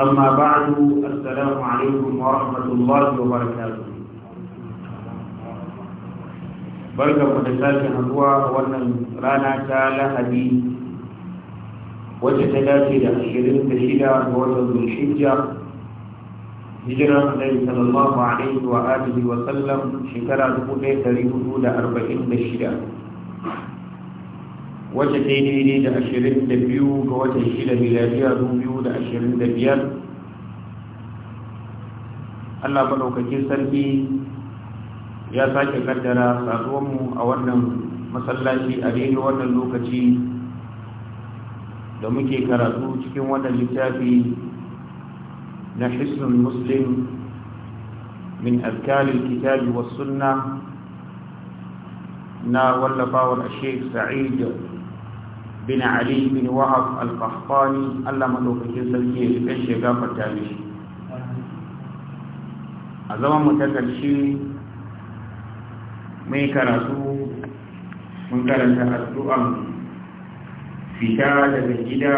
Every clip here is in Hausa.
أما بعد السلام عليكم ورحمة الله وبركاته barkanmu da sake haduwa a wannan rana ta lahadi wacce ta dace da ashirin da shida ga watan zulhijja hijiran annabi sallallahu alaihi wa alihi wa sallam shekara dubu ɗaya ɗari hudu da arba'in da shida wacce daidai ne da ashirin da biyu ga watan shida miliyariya biyu da ashirin da biyar allah maɗaukakin sarki ya sake kaddara mu a wannan masallaci a daidai wannan lokaci da muke karatu cikin wannan littafi na hisnul muslim min azkarin kitabi wa sunna na wallafawar sheikh sa'id bin ali bin wahab al-qahtani Allah madaukakin sarki ya kai shiga gafarta ne. a zaman mu ta karshe mai karatu mun karanta addu'an fita daga gida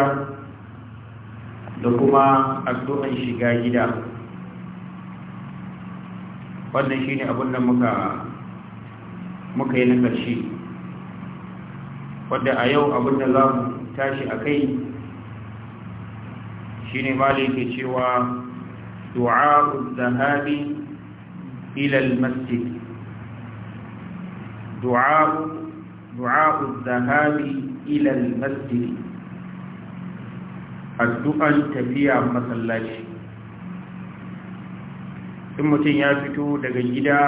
da kuma addu'an shiga gida wannan shine abin da muka muka yi na wadda a yau abin da za mu tashi a kai shi ne ke cewa du'a'ul zahabi ilal masjid du'a'ul zahabi ilal masjid addu'an tafiya masallaci in mutum ya fito daga gida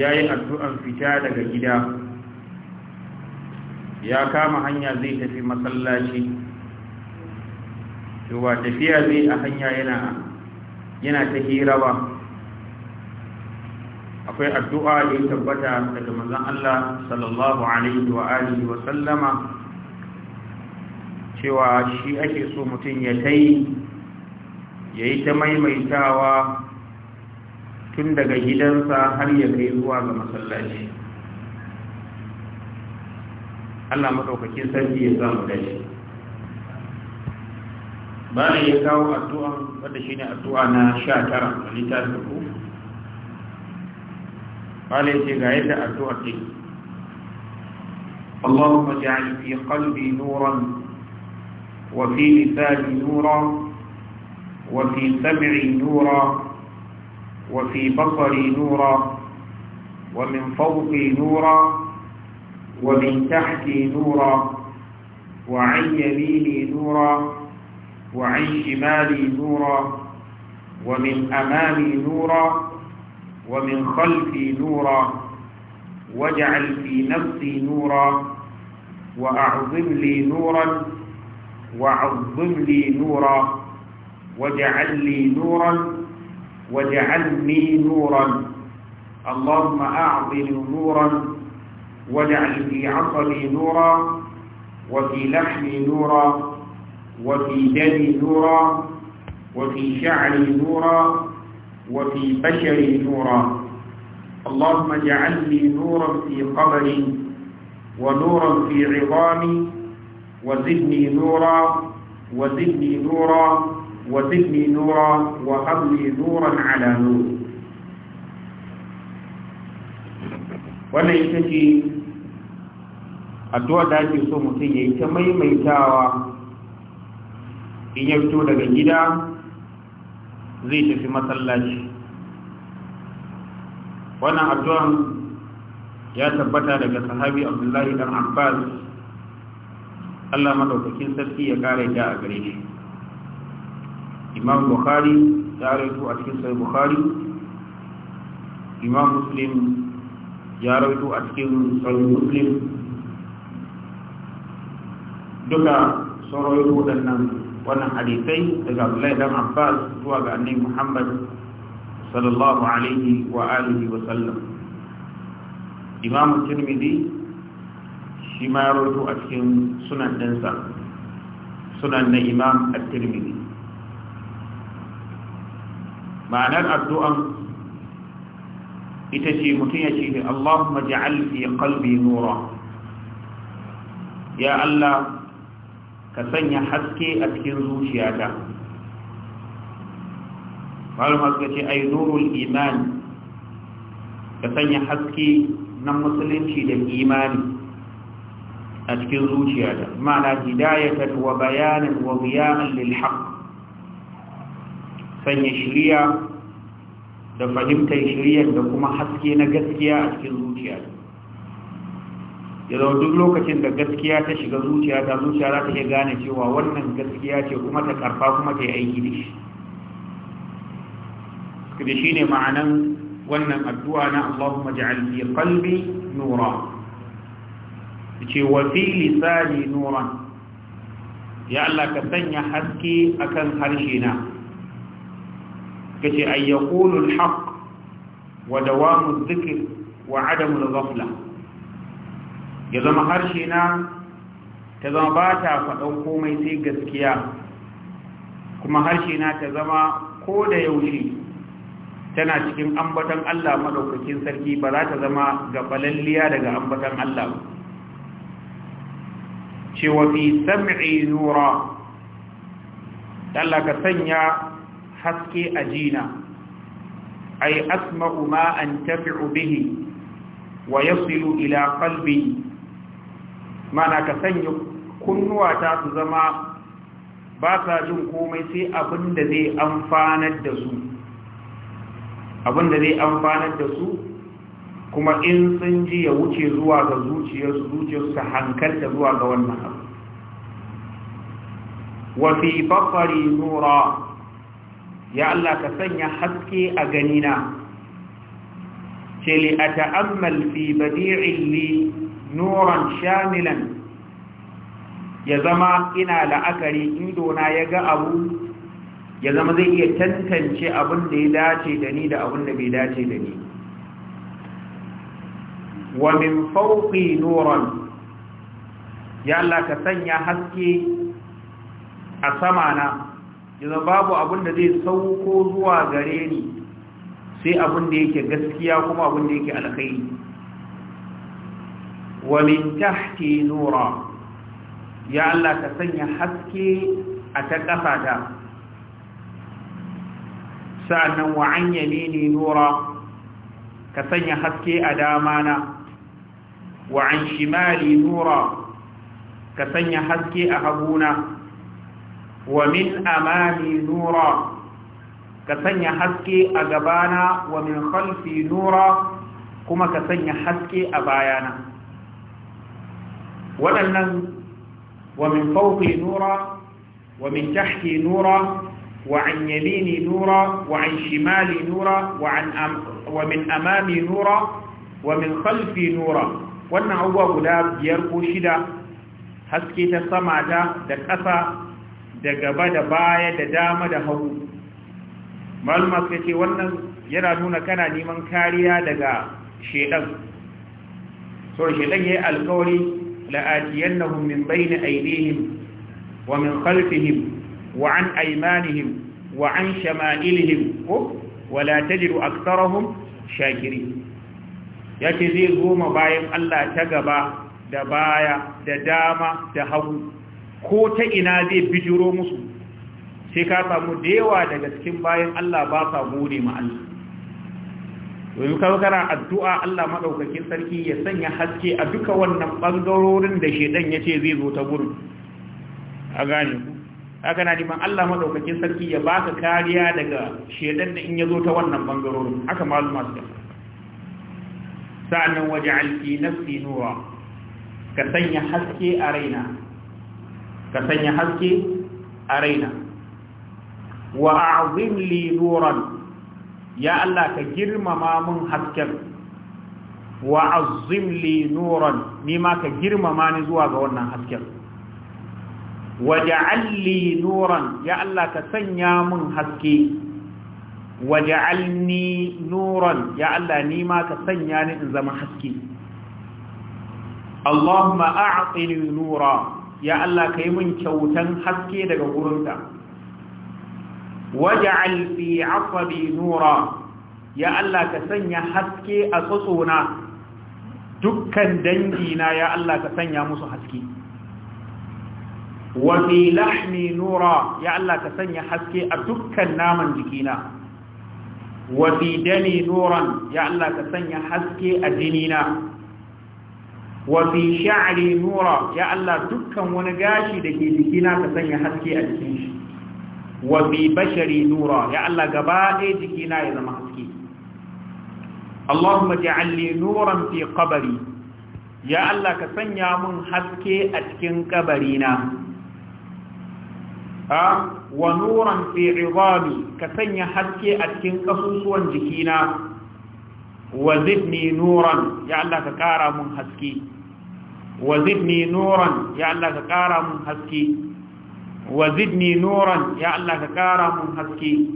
ya yi addu'an fita daga gida ya kama hanya zai tafi masallaci to ba tafiya zai a hanya yana yana ta hira ba akwai addu'a da ya tabbata daga manzon Allah sallallahu alaihi wa alihi wa sallama cewa shi ake so mutum ya kai ya yi ta maimaitawa tun daga gidansa har ya kai zuwa ga masallaci Allah madaukakin sarki ya samu dace bayan ya kawo addu'a wadda shine addu'a na 19 a littafin ku قال يجي قاعدة أدعتي اللهم اجعل في قلبي نورا وفي لساني نورا وفي سمعي نورا وفي بصري نورا ومن فوقي نورا ومن تحتي نورا وعن يميني نورا وعن شمالي نورا ومن أمامي نورا ومن خلفي نورا واجعل في نفسي نورا وأعظم لي نورا وعظم لي نورا واجعل لي نورا واجعلني نورا اللهم أعظم نورا واجعل في عصبي نورا وفي لحمي نورا وفي دمي نورا وفي شعري نورا وفي بشري نورا اللهم اجعلني نورا في قبري ونورا في عظامي وزدني نورا وزدني نورا وزدني نورا وهب نورا على نور wannan ita addu'a da ake so mutum ya yi ta maimaitawa in ya fito daga gida zai tafi masallaci wannan addu'an ya tabbata daga sahabi abdullahi dan abbas allah maɗaukakin sarki ya ƙara ya a gare shi imam bukhari ya rawaito a cikin sai bukhari imam muslim ya rawaito a cikin sai muslim duka sun rawaito waɗannan wannan hadisai daga Abdullahi dan Abbas zuwa ga Annabi Muhammad sallallahu alaihi wa alihi wa sallam Imam Tirmidhi shi ma ya rawaito a cikin sunan ɗinsa sunan na Imam At-Tirmidhi ma'anar addu'an ita ce mutum ya ce Allahumma ja'al fi qalbi nura ya Allah ka sanya haske a cikin zuciyata malum haske ce ai nurul ka sanya haske na musulunci da imani a cikin zuciyata ma'ana hidayatan wa bayanin wa biyanan lil sanya shiriya da fahimtar shiriyar da kuma haske na gaskiya a cikin zuciyata ya duk lokacin da gaskiya ta shiga zuciya ta zuciya za ta iya gane cewa wannan gaskiya ce kuma ta karfa kuma ta yi aiki da shi da shi ne ma'anan wannan addu'a na Allahumma ja'al fi qalbi nura ce wa fi lisani nura ya Allah ka sanya haske akan harshe na kace ayyakulul yaqulu al wa dawamu adh-dhikr wa 'adamu al-ghaflah ya zama harshe na ta zama ba ta faɗan komai sai gaskiya kuma harshe na ta zama ko da yaushe tana cikin ambaton Allah maɗaukakin sarki ba za ta zama gabalalliya daga ambaton Allah cewa fi sam'i nura Allah ka sanya haske a jina ai asma'u ma an tafi'u bihi wa yasilu ila qalbi mana ka sanya kunnuwata su zama ba sa jin komai sai abinda zai amfanar da su abinda zai amfanar da su kuma in sun ji ya wuce zuwa ga zuciyarsu zuciyarsu ta hankalta zuwa ga wannan abu wafi bakari nura ya Allah ka sanya haske a ganina ce li a ta'ammal fi badi'in nuran shamilan ya zama ina la'akari idona ya ga abu ya zama zai iya tantance abin da ya dace da ni da abin da bai dace da ni wa min fauqi nuran ya Allah ka sanya haske a sama na yanzu babu abin da zai sauko zuwa gare ni sai abin da yake gaskiya kuma abin da yake alkhairi wa min tahti nura ya Allah ka sanya haske a ta kafata sa'annan wa an yamini nura ka sanya haske a damana wa an shimali nura ka sanya haske a haguna wa min amami nura ka sanya haske a gabana wa min khalfi nura kuma ka sanya haske a bayana waɗannan wa min fawqi nura wa min tahti nura wa an yamini nura wa an shimali nura wa min amami nura wa min khalfi nura wannan abubuwa guda biyar ko shida haske ta sama ta da ƙasa da gaba da baya da dama da hagu malama suka ce wannan yana nuna kana neman kariya daga shaidan, so shaidan ya yi alkawari لآتينهم من بين أيديهم ومن خلفهم وعن أيمانهم وعن شمائلهم ولا تجد أكثرهم shakirin ya ce zai goma bayan Allah ta gaba da baya da dama da hagu ko ta ina zai jiro musu sai da yawa daga cikin bayan Allah ba sa ma Allah domin kawo kana addu'a Allah maɗaukakin sarki ya sanya haske a duka wannan ɓangarorin da shaidan ya ce zai zo ta gurin a gane ku haka na neman Allah maɗaukakin sarki ya ba ka kariya daga shaidan da in ya zo ta wannan ɓangarorin haka malu masu da sa'annan waje alfi na nura ka sanya haske a raina ka sanya haske a raina wa azim li nuran ya Allah ka girmama mun hasken wa azim li nuran ma ka girmama ni zuwa ga wannan hasken wa ja'al li nuran ya Allah ka sanya mun haske wa ja'alni nuran ya Allah ma ka sanya ni in zama haske Allahumma a'tini nura ya Allah kai mun kyautan haske daga gurinka waj'al fi 'asabi nura ya Allah ka sanya haske a tsotsona dukkan dangina ya Allah ka sanya musu haske wa fi lahmi nura ya Allah ka sanya haske a dukkan naman jikina wa fi dani nuran ya Allah ka sanya haske a jinina wa fi sha'ri nura ya Allah dukkan wani gashi da ke jikina ka sanya haske a jikin shi wa fi bashari nura ya Allah gaba ɗaya jikina ya zama haske Allahumma ja'alli nuran fi qabri ya Allah ka sanya mun haske a cikin kabarina a wa nuran fi idami ka sanya haske a cikin kasusuwan jikina wa zidni nuran ya Allah ka kara mun haske wa zidni nuran ya Allah ka kara mun haske wa zidni Noran, ya Allah ka kara mun haske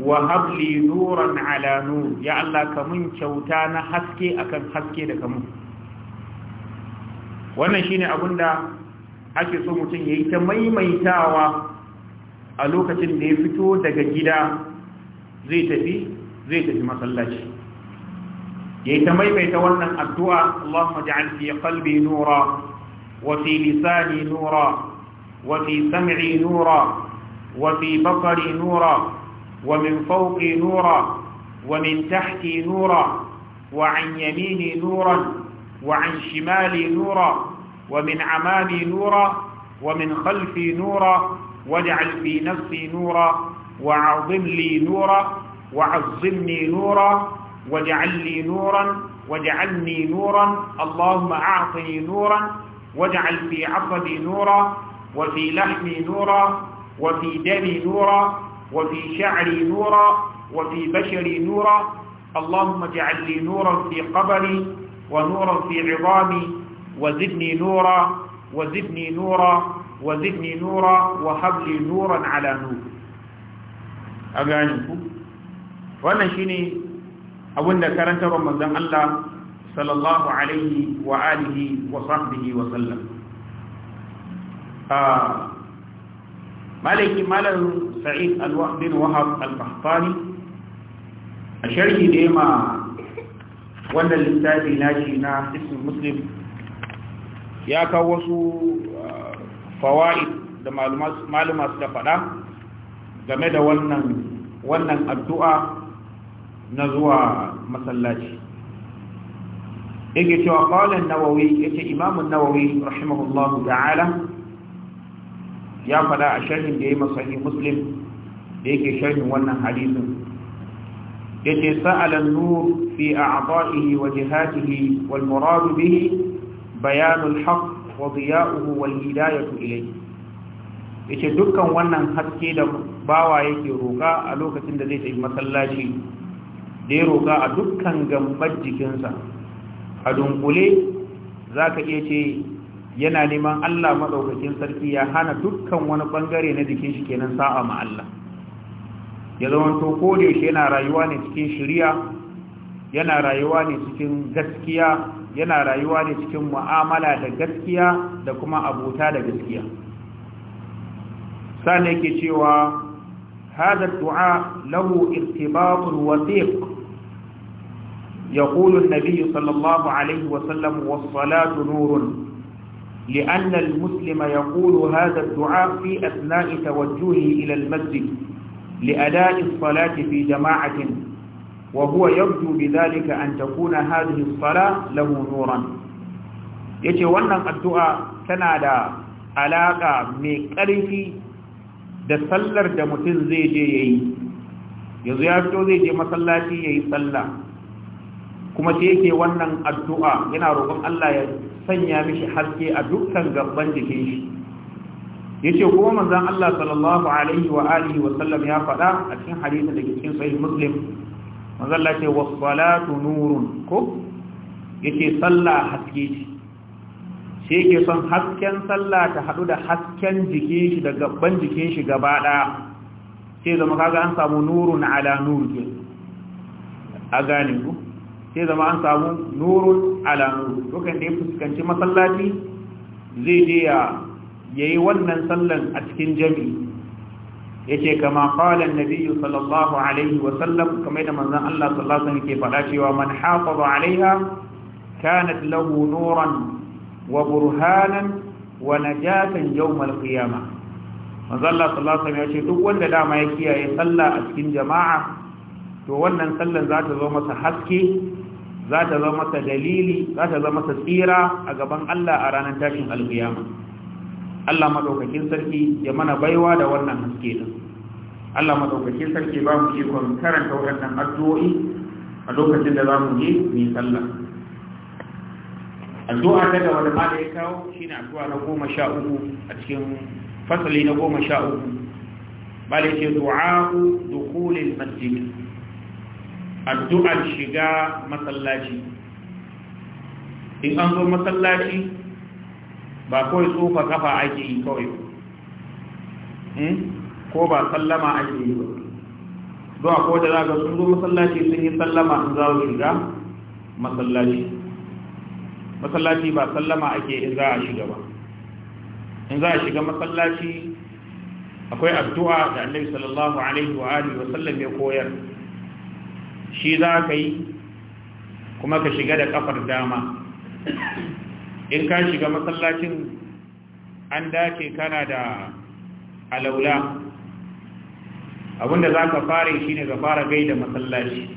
wa habli nuran ala ya Allah ka mun kyauta na haske akan haske da wannan shine abinda ake so mutum yayi ta maimaitawa a lokacin da ya fito daga gida zai tafi zai tafi masallaci yayi ta maimaita wannan addu'a Allahumma ja'al fi qalbi nura wa fi lisani nura وفي سمعي نورا وفي بصري نورا ومن فوقي نورا ومن تحتي نورا وعن يميني نورا وعن شمالي نورا ومن عمامي نورا ومن خلفي نورا واجعل في نفسي نورا وعظم لي نورا وعظمني نورا واجعل لي نورا واجعلني نورا اللهم أعطني نورا واجعل في عصبي نورا وفي لحمي نورا وفي دمي نورا وفي شعري نورا وفي بشري نورا اللهم اجعل لي نورا في قبري ونورا في عظامي وزدني نورا وزدني نورا وزدني نورا وهب لي نورا على نور أغانيكم وانا شيني أولا da أنت manzon Allah صلى الله عليه وآله وصحبه وسلم Maliki malar sa'id bin wahab al-bahtari a sharhi da ma wannan littafi nashi na ismin muslim ya kawo wasu fawa'id da maluma da faɗa game da wannan wannan addu'a na zuwa masallaci yake cewa ƙwallon nawawi yake imamun nawawi rahimahullahu ta'ala ya faɗa a sharhin da ya masahi muslim da yake sharhin wannan hadisin ya ce sa'alan nur fi a aba'ihi wa jihatihi wal muradu bihi bayanul haq wa ziya'uhu wal hidayatu ilai. ya ce dukkan wannan haske da bawa yake roƙa a lokacin da zai tafi masallaci da ya roƙa a dukkan gambar jikinsa a dunkule za ka iya ce yana neman Allah maɗaukakin sarki ya hana dukkan wani bangare na jikin shi kenan sa'a ma Allah ya zama to ko da yaushe yana rayuwa ne cikin shari'a yana rayuwa ne cikin gaskiya yana rayuwa ne cikin mu'amala da gaskiya da kuma abota da gaskiya sani yake cewa هذا الدعاء lahu ارتباط wasiq يقول النبي صلى الله عليه وسلم والصلاة لأن المسلم يقول هذا الدعاء في أثناء توجهه إلى المسجد لأداء الصلاة في جماعة وهو يرجو بذلك أن تكون هذه الصلاة له نورا yace wannan addu'a tana da alaka mai ƙarfi da sallar da mutum zai je yayi yanzu ya fito zai je masallaci yayi sallah kuma sai yake wannan addu'a yana roƙon Allah ya sanya mishi haske a dukkan gaban jikin shi yace kuma manzon Allah sallallahu alaihi wa alihi wa sallam ya faɗa a cikin hadisi da cikin sahih muslim manzon Allah ce was salatu nurun ko yace sallah haske shi shi yake son hasken sallah ta hadu da hasken jikin shi da gaban jikin shi gaba ɗaya sai zama kaga an samu nurun ala nurin ke a gane ku sai zama an samu nurun alamu dukkan da ya fuskanci masallaci zai je ya yayi wannan sallan a cikin jami'i yace kama qala an-nabiy sallallahu alaihi wa sallam kamar da manzon Allah sallallahu alaihi ke faɗa cewa man hafaza alaiha kanat lahu nuran wa burhanan wa najatan yawm al-qiyamah manzon Allah sallallahu alaihi ce duk wanda dama ya kiyaye sallah a cikin jama'a to wannan sallan za ta zo masa haske za ta zo masa dalili za ta zo masa tsira a gaban Allah a ranar tashin alkiyama Allah madaukakin sarki ya mana baiwa da wannan haske din Allah madaukakin sarki ba mu kon karanta wannan addu'o'i a lokacin da za mu je mu sallah addu'a ta da wani mala ya kawo shine addu'a na goma sha uku a cikin fasali na goma sha uku mala ya ce du'a dukulil masjid addu'ar shiga masallaci in an zo masallaci ba kawai tsofa kafa ake yi kawai hmm? ko ba sallama ake yi ba zuwa ko da za ga sun zo masallaci sun yi sallama in za shiga masallaci masallaci ba sallama ake in za a shiga ba in za a shiga masallaci akwai addu'a da annabi sallallahu alaihi wa alihi wa sallam ya koyar shi za ka yi kuma ka shiga da kafar dama in ka shiga masallacin an dace kana da alaula abinda za ka fara shi ne ka fara gai da masallaci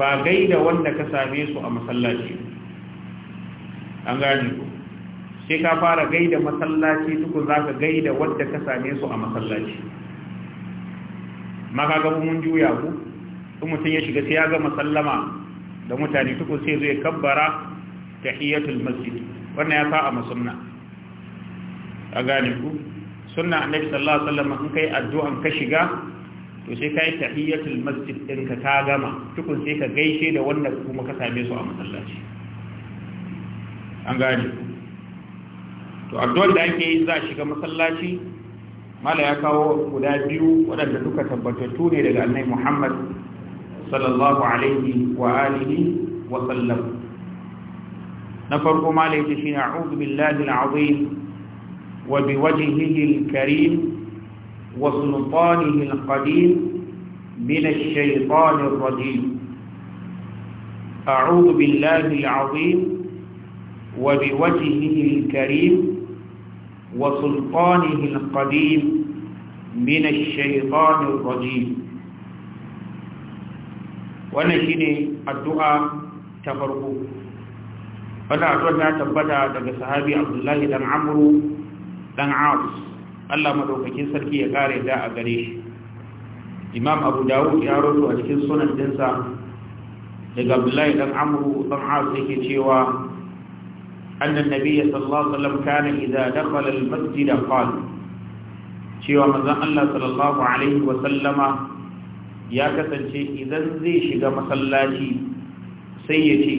ba gai da wanda ka same su a masallaci an gani ku sai ka fara gai da masallaci tukun za ka gai da wanda ka same su a masallaci maka gabu mun juya ku in mutum ya shiga sai ya gama sallama da mutane tukun sai zai kabbara tahiyatul masjid wannan ya sa a masunna a gane ku sunna annabi sallallahu alaihi wasallam in kai addu'an ka shiga to sai kai tahiyatul masjid din ka ta gama tukun sai ka gaishe da wanda kuma ka same su a masallaci an gane ku to addu'an da ake yi za a shiga masallaci mala ya kawo guda biyu waɗanda duka tabbatattu ne daga annabi Muhammad صلى الله عليه وآله وسلم نفرق ما ليتشين أعوذ بالله العظيم وبوجهه الكريم وسلطانه القديم من الشيطان الرجيم أعوذ بالله العظيم وبوجهه الكريم وسلطانه القديم من الشيطان الرجيم wannan shine addu'a ta farko wannan addu'a ta tabbata daga sahabi Abdullahi dan Amru dan Aus Allah madaukakin sarki ya kare da a gare shi Imam Abu Dawud ya rawaito a cikin sunan dinsa daga Abdullahi dan Amru dan Aus yake cewa أن النبي صلى الله عليه وسلم كان إذا دخل المسجد قال شوى مزان الله صلى الله عليه وسلم ya kasance idan zai shiga masallaci sai ya ce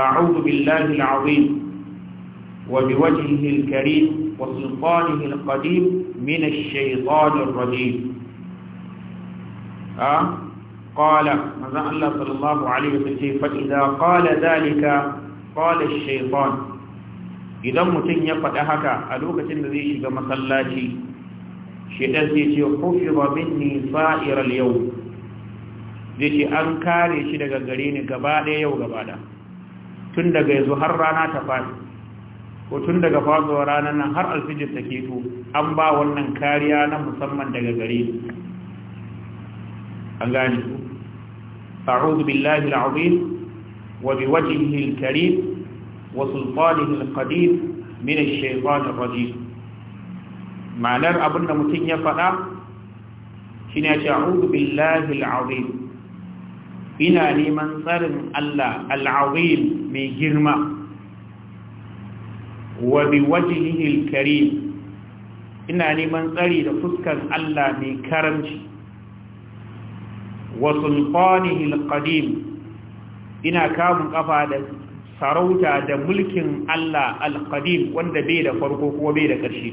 a'udhu billahi al'azim wa biwajhihi al-karim wa sultanihi al-qadim min ash-shaytani ar-rajim a qala manzo Allah sallallahu alaihi wa sallam fa idha qala dhalika qala ash-shaytan idan mutun ya fada haka a lokacin da zai shiga masallaci shedan sai ce hufiza minni sa'iral yau zai ce an kare shi daga gare ni gaba ɗaya yau gaba da tun daga yanzu har rana ta faɗi ko tun daga faɗuwar ranar nan har alfijir ta keto an ba wannan kariya na musamman daga gare ni an gane ku al-karim wa sultanihi al-qadim min ash-shaytanir rajim ma'anar abinda mutum ya faɗa shi ne ce a'udu billahi al'azim ina neman tsarin Allah al'azim mai girma wa bi wajhihi al-karim ina neman tsari da fuskar Allah mai karamci wa sultanihi al-qadim ina kamun kafa da sarauta da mulkin Allah al-qadim wanda bai da farko kuma bai da ƙarshe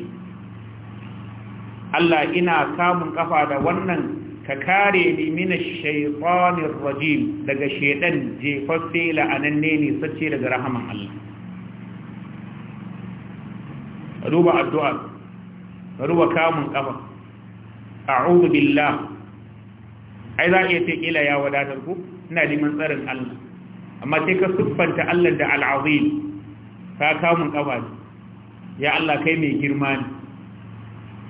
Allah ina kamun kafa da wannan ka kare ni mina shaitanir rajim daga shedan jefaffe la'ananne ne sace daga rahaman Allah ruba addu'a ruba kamun kafa a'udhu billah ai za iya ce kila ya wadatar ku ina neman tsarin Allah amma sai ka siffanta Allah da al al'azim ka kamun kafa ya Allah kai mai girma ne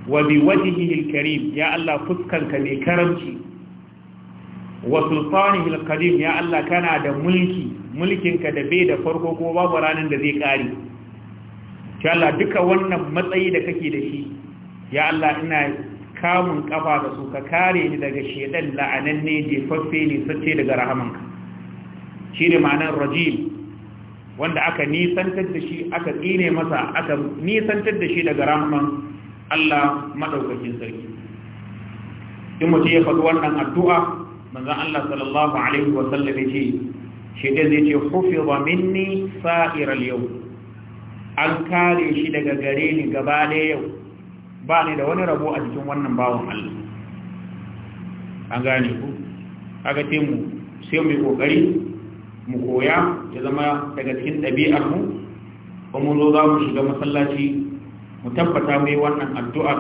wa bi wajhihi al ya Allah fuskanka mai karamci wa sultanihi al ya Allah kana da mulki mulkinka da bai da farko ko babu ranan da zai kare ya Allah duka wannan matsayi da kake da shi ya Allah ina kamun kafa da su ka kare ni daga shedan la'ananne jefaffe ne sace daga rahamanka shi ne ma'anar rajim wanda aka nisantar da shi aka tsine masa aka nisantar da shi daga rahaman Allah madaukakin sarki in mutum ya faɗi wannan addu'a manzon Allah sallallahu alaihi wa sallam shi shedan zai ce hufiza minni sa'iral yau an kare shi daga gare ni gaba da yau ba ni da wani rabo a cikin wannan bawon Allah an gane ku aka ce mu sai mu kokari mu koya ya zama daga cikin ɗabi'ar mu kuma zo za mu shiga masallaci mu tabbata mu wannan addu'ar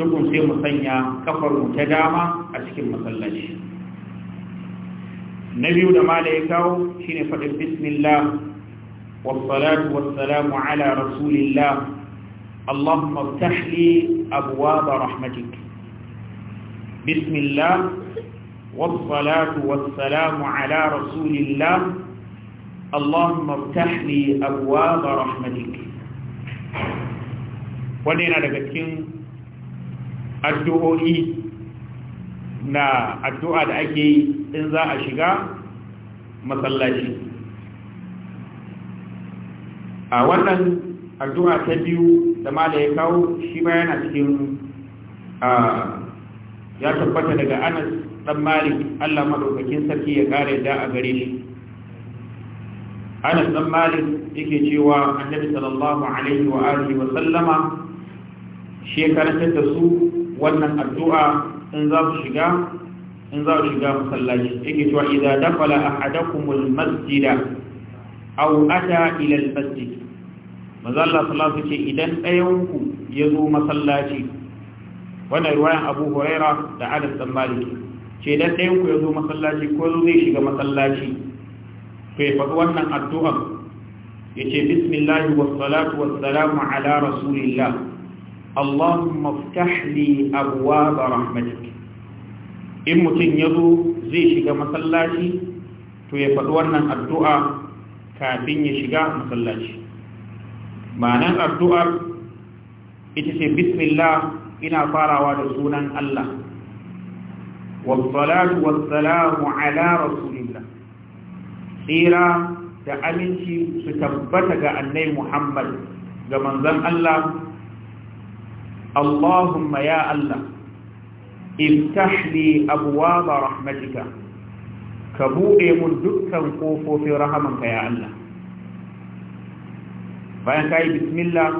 tukun sai mu sanya kafar mu ta dama a cikin masallaci na biyu da mala ya kawo shine faɗin bismillah والصلاة والسلام على رسول الله اللهم افتح لي أبواب رحمتك بسم الله والصلاة والسلام على رسول الله اللهم افتح لي أبواب رحمتك wannan yana daga cikin addu'o'i na addu'a da ake yi in za a shiga masallaci a wannan addu'a ta biyu da ma da ya kawo shi ma yana cikin ya tabbata daga anas dan malik allah maɗaukakin sarki ya kare da a gare shi anas dan malik yake cewa annabi sallallahu alaihi wa alihi wa sallama shi ya karantar da su wannan addu'a in za su shiga in za su shiga masallaci yake cewa idan dakala ahadakumul masjida aw ata ila al masjid manzo Allah sallallahu alaihi wasallam idan ɗayanku ya zo masallaci wannan riwayan Abu Huraira da Anas bin Malik ce idan ɗayanku ya zo masallaci ko zo zai shiga masallaci to ya faɗi wannan addu'a yace bismillah was salatu was salamu ala rasulillah اللهم افتح لي ابواب رحمتك ان متين zai shiga masallaci, to ya يفد wannan addu'a kafin ya shiga masallaci manan addu'ar ita ce bismillah ina farawa da sunan Allah والصلاه والسلام على رسول da aminci su tabbata ga annabi Muhammad ga manzon Allah Allahumma ya Allah iftah li abwaaba ka buɗe mun dukkan kofofin rahamanka ya Allah bayan kai bismillah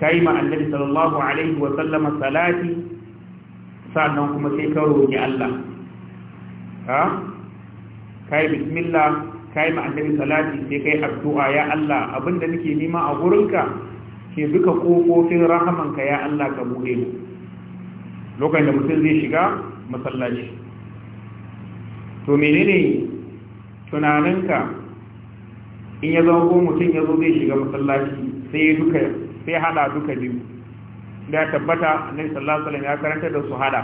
kai ma annabi sallallahu alaihi wa sallama salati sannan kuma sai ka roƙi Allah ha kai bismillah kai ma annabi salati sai kai addu'a ya Allah abinda nake nema a gurinka Ke duka kofofin rahamanka ya Allah ka buɗe mu lokacin da mutum zai shiga masallaci to menene tunaninka in ya zama ko mutum ya zo zai shiga masallaci sai duka sai hada duka biyu da ya tabbata annabi sallallahu alaihi wasallam ya karanta da su hada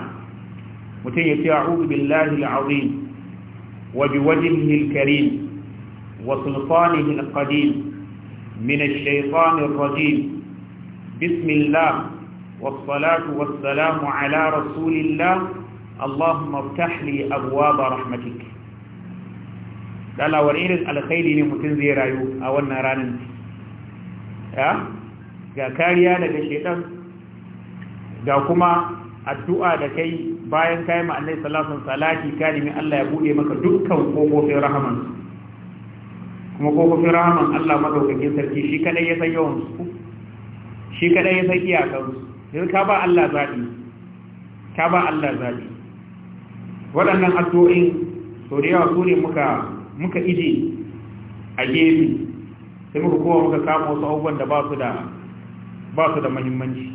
mutum ya ce a'udhu billahi al-azim wa biwajhihi al-karim wa sultanihi al-qadim min ash-shaytanir rajim بسم الله والصلاة والسلام على رسول الله اللهم افتح لي أبواب رحمتك dala wani irin alkhairi ne mutum zai rayu a wannan ranar ya ga kariya daga shedan ga kuma addu'a da kai bayan kai ma annai salafin salati kalimin Allah ya bude maka dukkan kofofin rahaman kuma kofofin rahaman Allah madaukakin sarki shi kadai ya san yawan su shi kadai ya san iyakarsu yanzu ka ba Allah zaɓi ka ba Allah zaɓi waɗannan addu'o'in sau da yawa su ne muka ije a gefe sai muka kowa muka kama wasu abubuwan da ba su da muhimmanci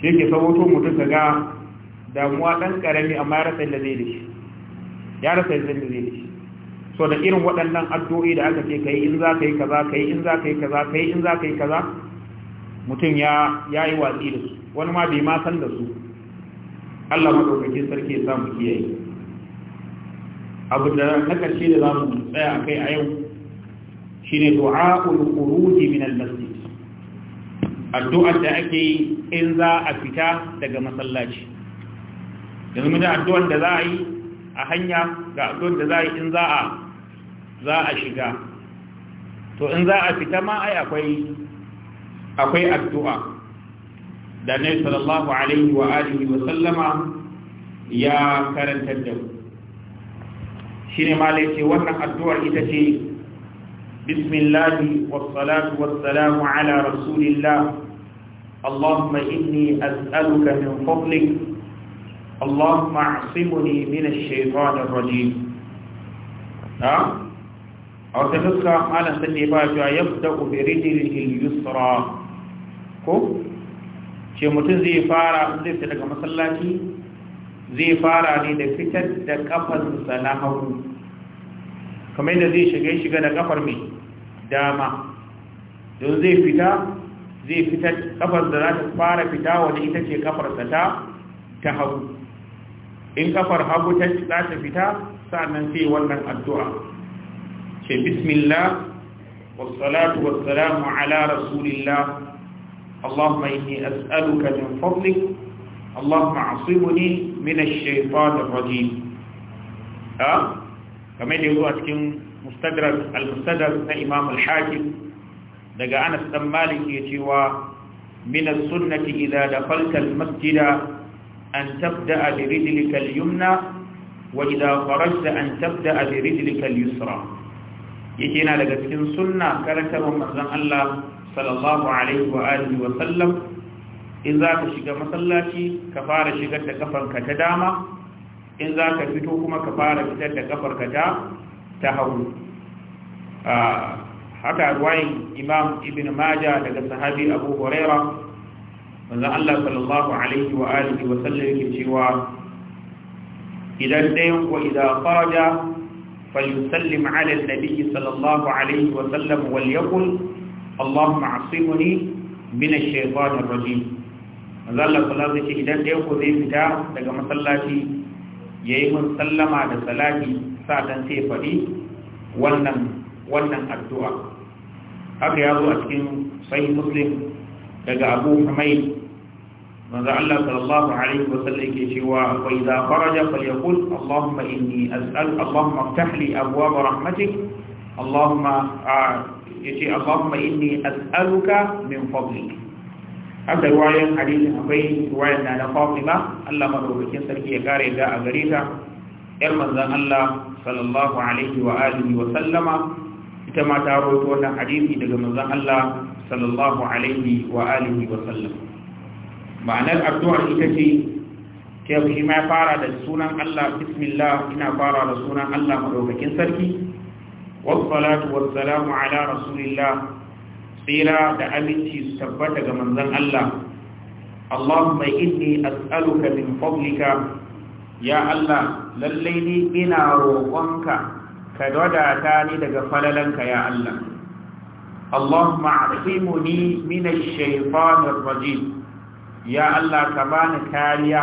shi yake sauwato mutum ka ga damuwa ɗan ƙarami amma ya rasa yadda zai da shi ya rasa yadda zai da shi so da irin waɗannan addu'o'i da aka ce ka yi in za ka yi kaza ka yi in za ka yi kaza ka yi in za ka yi kaza mutum ya yi watsi da su wani ma bai ma san da su Allah maɗaukakin sarki ya samu kiyaye abu da na karshe da za mu tsaya a kai a yau Shi shine du'a'ul khuruji min al addu'ar da ake yi in za a fita daga masallaci yanzu da addu'ar da za a yi a hanya ga addu'ar da za a yi in za a za a shiga to in za a fita ma ai akwai akwai addu'a da nai sallallahu alaihi wa alihi wa sallama ya karanta da shi ne malaike wannan addu'ar ita ce bismillahi wassalatu wassalamu ala rasulillah اللهم إني أسألك من فضلك اللهم اعصمني من الشيطان الرجيم أو تفسك على سنباجة يبدأ برجله اليسرى ko ce mutum zai fara zai fita daga masallaci zai fara ne da fitar da kafar na hagu kamar yadda zai shiga shiga da kafar mai dama don zai fita zai fitar kafar da za ta fara fita wani ita ce kafarsa ta ta hagu in kafar hagu ta za ta fita sa'annan sai wannan addu'a ce bismillah wassalatu wassalamu ala rasulillah اللهم إني أسألك من فضلك اللهم عصمني من الشيطان الرجيم أه؟ كما يقول أتكن مستدرك المستدرك إمام الحاكم دقى أنس بن مالك يتوى من السنة إذا دخلت المسجد أن تبدأ برجلك اليمنى وإذا خرجت أن تبدأ برجلك اليسرى يتينا لقد كن سنة كانت من الله sallallahu alaihi wa alihi wa sallam in za ka shiga masallaci ka fara shigar da kafarka ta dama in za ka fito kuma ka fara fitar da kafarka ta ta hagu haka ruwayin imam ibn maja daga sahabi abu huraira manzan allah sallallahu alaihi wa alihi wa sallam yake cewa idan ɗayan ko idan faraja falyusallim ala nabi sallallahu alaihi wa sallam wal yaqul اللهم عصمني من الشيطان الرجيم manzo Allah sallallahu alaihi idan dai ko zai fita daga masallaci Ya yi mun sallama da salati sa'an sai faɗi wannan addu'a haka ya zo a cikin sahih muslim daga Abu Humayd manzo Allah sallallahu alaihi wasallam ke cewa fa idza faraja falyaqul Allahumma inni as'al Allahumma iftah abuwa ba rahmatik Allahumma yace Allahumma inni as'aluka min fadlik haka ruwayan hadisin akwai ruwayan na na Fatima Allah madaukakin sarki ya kare ga a gare ta yar manzon Allah sallallahu alaihi wa alihi wa sallama ita ma ta rawaito wannan hadisi daga manzon Allah sallallahu alaihi wa alihi wa sallam ma'anar addu'ar ita ce sai shi ma fara da sunan Allah bismillah ina fara da sunan Allah madaukakin sarki wasu wasalamu ala rasulillah tsira da aminci su tabbata ga manzan Allah Allahumma inni as'aluka min fadlika ya Allah lalle ni ina roƙonka ka gwadata ni daga falalanka ya Allah Allahumma arhimuni min ash-shaytanir rajim ya Allah ka bani kariya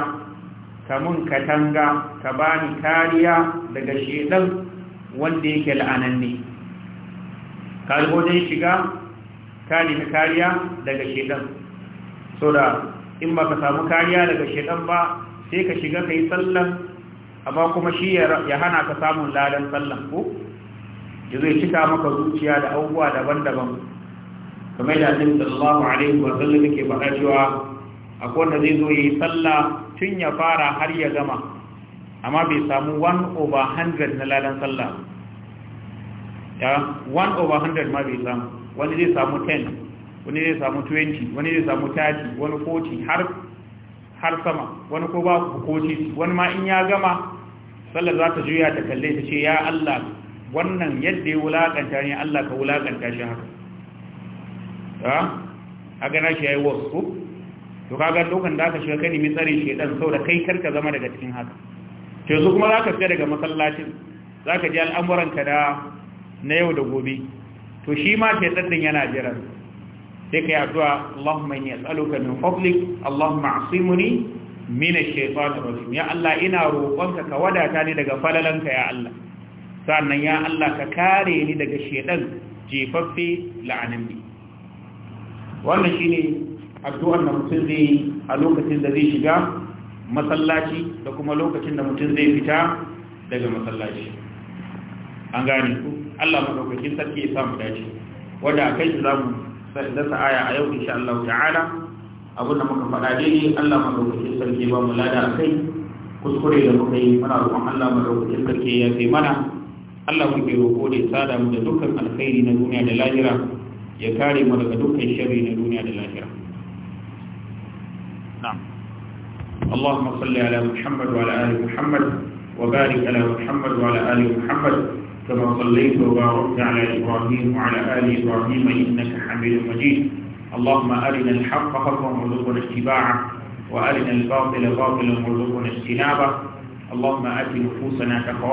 ka mun katanga ka bani kariya daga shedan wanda yake la'ananne ka dai shiga ka ta kariya daga shedan so da in ba ka samu kariya daga shedan ba sai ka shiga ka yi sallan amma kuma shi ya hana ka samun ladan sallan ko ya zai cika maka zuciya da abubuwa daban-daban kamar da annabi sallallahu alaihi wa sallam yake faɗa cewa akwai wanda zai zo yi sallah tun ya fara har ya gama amma bai samu 1 over 100 na ladan sallah ya 1 over 100 ma bai samu wani zai samu 10 wani zai samu 20 wani zai samu 30 wani 40 har sama wani ko ba ku koci wani ma in ya gama sallar za ta juya ta kalle ta ce ya Allah wannan yadda ya wulakanta ne Allah ka wulakanta shi haka ya a gana shi ya yi wasu to kaga lokacin da aka shiga kani mai tsare sau da kai karka zama daga cikin haka to yanzu kuma za ka fita daga masallacin za ka ji al'amuranka da na yau da gobe to shi ma ke tsaddin yana jiran sai ka yi addu'a Allahumma ya as'aluka min fadlik Allahumma asimuni min ash-shaytanir rajim ya Allah ina roƙonka ka wadata ni daga falalanka ya Allah sannan ya Allah ka kare ni daga shedan jefaffe la'ananni wannan shi ne addu'ar na mutum zai a lokacin da zai shiga masallaci da kuma lokacin da mutum zai fita daga masallaci an gane ku Allah madaukakin sarki ya samu dace wanda a kai za mu dasa aya a yau insha Allah ta'ala abin da muka faɗa dai Allah madaukakin sarki ba mu lada a kai kuskure da muka yi muna roƙon Allah madaukakin sarki ya kai mana Allah muke roƙo da ya sada mu da dukkan alkhairi na duniya da lahira ya kare mu daga dukkan sharri na duniya da lahira na'am اللهم صل على محمد وعلى آل محمد وبارك على محمد وعلى آل محمد كما صليت وباركت على إبراهيم وعلى آل إبراهيم إنك حميد مجيد اللهم أرنا الحق حقا وارزقنا اتباعه وأرنا الباطل باطلا وارزقنا اجتنابه اللهم آت نفوسنا تقوى